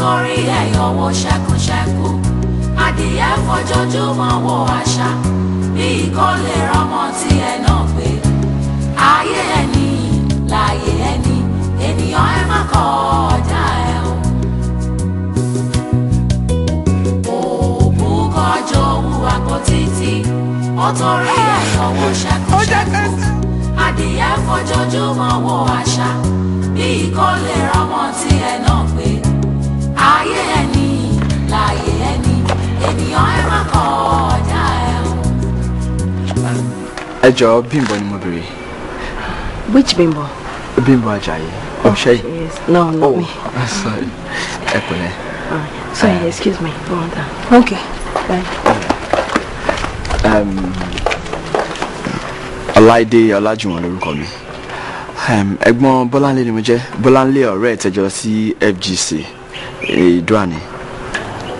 torí ẹ̀ yọ̀wọ̀ ṣẹkúṣẹkú adìyẹ fojoojúmọ́ wo àṣà bí ikọ́ lè rọmọ tí ẹ náà pé ayé ẹni láàyè ẹni ènìyàn ẹ má kọ́ ọ̀dà ẹ o. òbúkọ jọ òun àpótítì ó torí ẹ̀ ṣẹkúṣẹkú adìyẹ fojoojúmọ́ wo àṣà bí ikọ́ lè rọmọ tí ẹ náà pé ẹni ènìyàn ẹ má kọ ọjà ẹ̀hún. ẹ jọ Bímbọ́ ni mo bèrè. which Bímbọ́. Bímbọ́ Ajayi ọ̀ṣẹ́ yìí. Oh, yes no not oh, me. oh sorry ẹ pẹ̀lẹ́. sorry um, excuse me one more time. okay bye. Um, Ọláìdé Ọlájùwọ̀n lórúkọ mi um, ẹ̀gbọ́n Bọ́láńlé ni mo jẹ́ Bọ́láńlé ọ̀rẹ́ ìtẹ́jọ́ sí FGC Ìdúrà ni.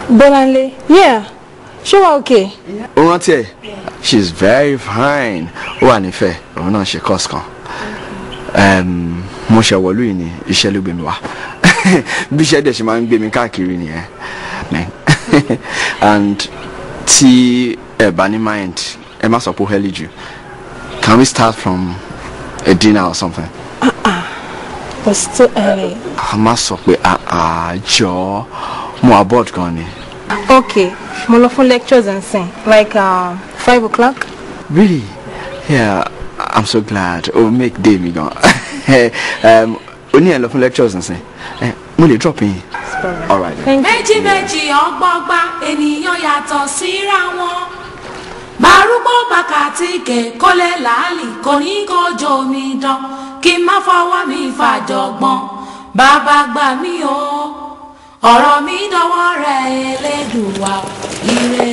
Bolanle, yeah. she was okay? O rántí ẹ̀, she is very fine. Ó wà nífẹ̀ẹ́, òun náà she course kan. Mo ṣe wọ̀lú yìí ni iṣẹ́ ló gbé mi wá. Bí iṣẹ́ dẹ̀ ṣe máa ń And tí ẹ bá mind, ẹ má sọ pé ó Can we start from a dinner or something? Uh -uh. But still early. A má sọ a ah, jaw mo abroad kan ni. ok mo lọ fún lectures and sing, like um, five o'clock. really yeah i'm so glad o oh, make day mi gan um, o ní ẹ lọ fún lectures and sing. Eh, mo lè drop in. all méjì méjì ọgbọgba ènìyàn yàtọ̀ síra wọn bárúgbó bàkàtì kèkólé làálì kò ní kojú mi dán kí n má fọwọ́ mi fàjọgbọ́n bàbá gbà mí o ọ̀rọ̀ mi dọwọ́ rẹ̀ Elédùwà ire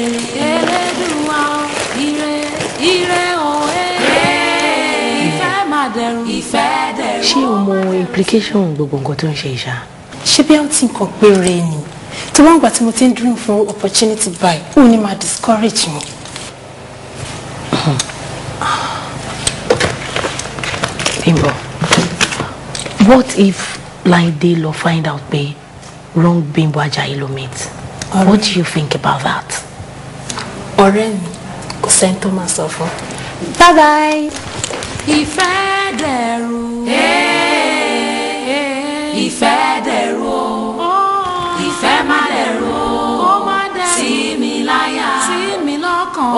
Elédùwà ire ire òye ìfẹ́ máa dẹrùn ìfẹ́ dẹrùn. ṣé o mọ implication gbogbo nǹkan tó ń ṣe ìṣá. ṣé bí a ti kàn pé ni tí wọ́n gbà tí mo ti ń dream fún opportunity buy ó ní máa discourage me. Bimbo, what if Laide lọ find out pé wrong Bimbo Ajayi ló meet right. what do you think about that. ọ̀rẹ́ mi kò sẹ́ni tó máa sọ fún. bye bye. ìfẹ́ dẹ̀rù. ìfẹ́ dẹ̀rù o ìfẹ́ má dẹ̀rù o sí mi láyà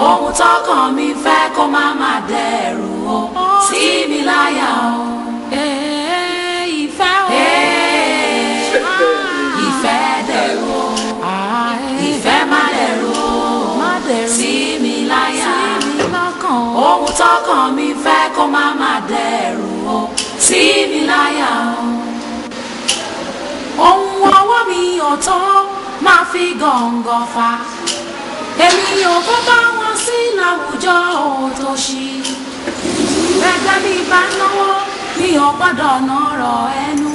ohun tọkàn mi fẹ́ kó má má dẹ̀rù. ohun tọkàn mi fẹ́ kó má má dẹ̀rù o sí mi láyà o ohun ọwọ́ mi ọ̀tọ́ máa fi gọ̀ǹgọ̀ fà èmi ò kó bá wọn sí láwùjọ òtòṣì ẹgbẹ́ mi bá náwó mi ò gbọ́dọ̀ nọ̀rọ̀ ẹnu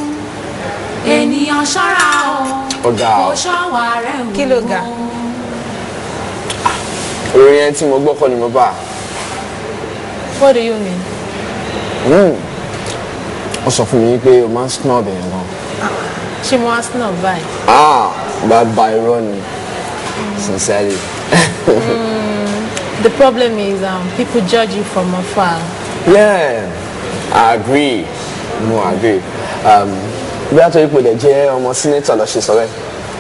ènìyàn ṣọ́ra o kò ṣọ́wà rẹ̀ wò orin yẹn tí mo gbọ́ kọ́ ni mo bá a. What do you mean? Ó sọ fún mi pé o máa ń snob ẹ̀yàn gan. Ṣé mo máa ń snob báyìí? Ah, bàbá irọ́ ni, sincerely. Mm, the problem is um, people judge you from afar. Yeah, I agree. Mo no, agree. Um, bí a tó ipò dẹ̀ jẹ́ ọmọ sínítọ̀ lọ ṣe sọ bẹ́ẹ̀.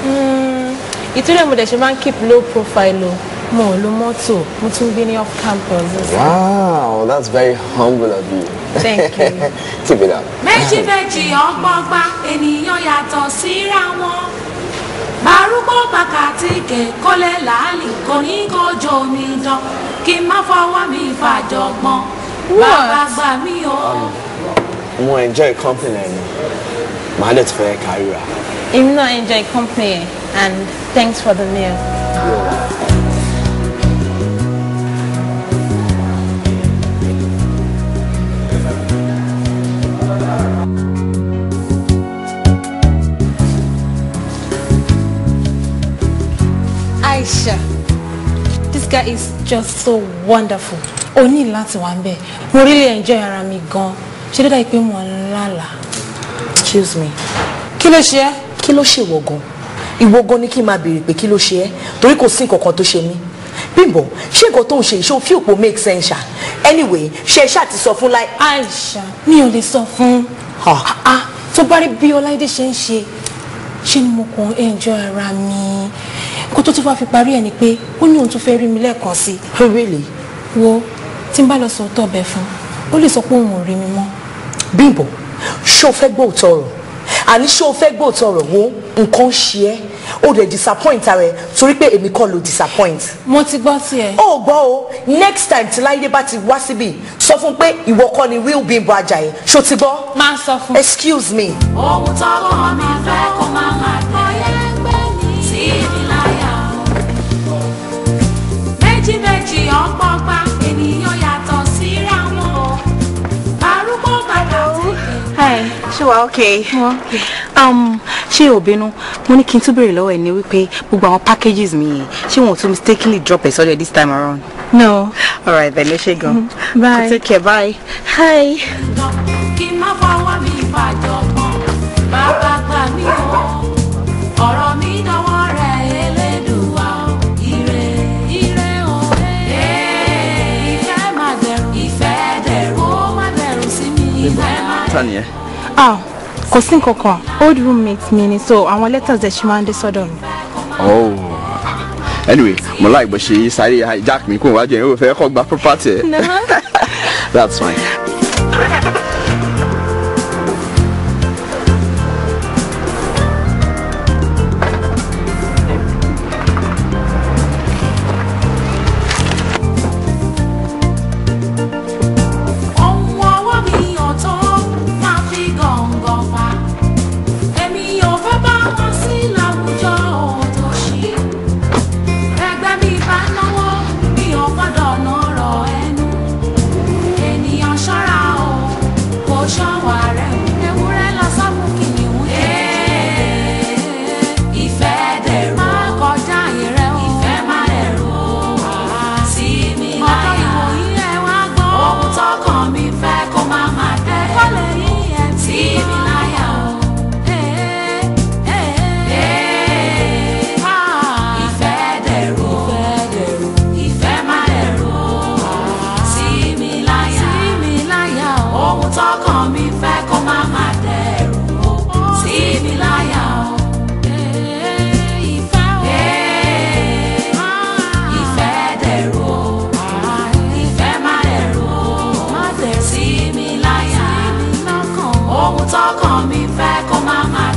Hmm, Ìtúrẹ̀ mo dẹ̀ ṣe máa ń keep low profile o mo ò lo mọ́tò mo tún gbé ní off campus. wow that's very humble of you. thank you. keep it up. méjì méjì ọgbọọgban ènìyàn yàtọ̀ síra wọn bàrúgbó bàkàtì kèkólé làálì kò ní kó jọ mi dán kí n má fọwọ́ mi fàjọ̀gbọ́n bàbá gbà mí o. Um, mo enjoy company ẹni màá dẹ̀ tún fẹ́ kárí ra. èmi náà enjoy company and thanks for the meal. Yeah. Africa is just so wonderful o ní láti wà ń mo really enjoy ara mi gan ṣé dáadáa pé mo ń lálàá. excuse me. kí ló ṣe é. kí ló ṣe ìwọ gan ìwọ gan ni kí n máa béèrè pé kí ló ṣe é torí kò sí nǹkan kan tó ṣe mí Bímbọ́ ṣé nǹkan tó ń ṣe ìṣó fí òpó make sense ṣá anyway ṣe ṣáà ti sọ fún láì. Aisha mi ò lè sọ fún ah, tó bá rí bí Ọláìdé ṣe ń ṣe ṣé ni mo kàn enjoy ara mi kó tó tún wá fi parí ẹ̀ ni pé ó ní òun tún fẹ́ rí mi lẹ́ẹ̀kan sí i. Oh, really. wo tí n bá lọ sọ òótọ́ ọbẹ̀ fún ó lè sọ pé òun ò rí mi mọ́. Bímbọ́ ṣé o fẹ́ gbọ́ òótọ́ ọ̀rọ̀ àní ṣé o fẹ́ gbọ́ òótọ́ ọ̀rọ̀ wo nǹkan ṣe ẹ́ o dẹ̀ disappoint ara ẹ̀ torí pé èmi kọ́ ló disappoint. mo ti gbọ́ sí ẹ. o gbọ́ o next time tí láyé bá ti wá síbí sọ fún pé ìwọ kọ́ ni real Bímbọ́ Àjàyí ṣó ti gbọ́. máa sọ fún. excuse me. ohun tọ́wọ́ mi fẹ́ kó máa máa tẹ́. wà okay. Um, ṣé ò bínú mo ní kí n tún béèrè lọ́wọ́ ẹ̀ ní wípé gbogbo àwọn packages mi yẹn ṣé wọn ò tún mistakenly drop ẹ̀ sọ́dọ̀ this time around. no. all right then ẹ ṣe gan. Mm-hmm. bye take care bye. hi. kí n má fọwọ́ mi fàjọ̀gbọ́n bàbá gbà mí o ọ̀rọ̀ mi dánwọ́ rẹ̀ ah kò sí nǹkan kan old roommate mi ni so àwọn letters ẹ̀ ṣe máa ń dé sọ́dọ̀ mi. oh anyway mo láì bó ṣe sáré hijack mi kó wájú ẹ̀ ń fẹ́ kọ́ gba property ẹ̀ that's fine. tọkàn mi fẹ́ kó má má dẹrù o sí mi láyà o. Eh, ìfẹ́ o eh, ìfẹ́ dẹrù o ìfẹ́ má dẹrù o sí mi láyà ohun tọkàn mi fẹ́ kó má má.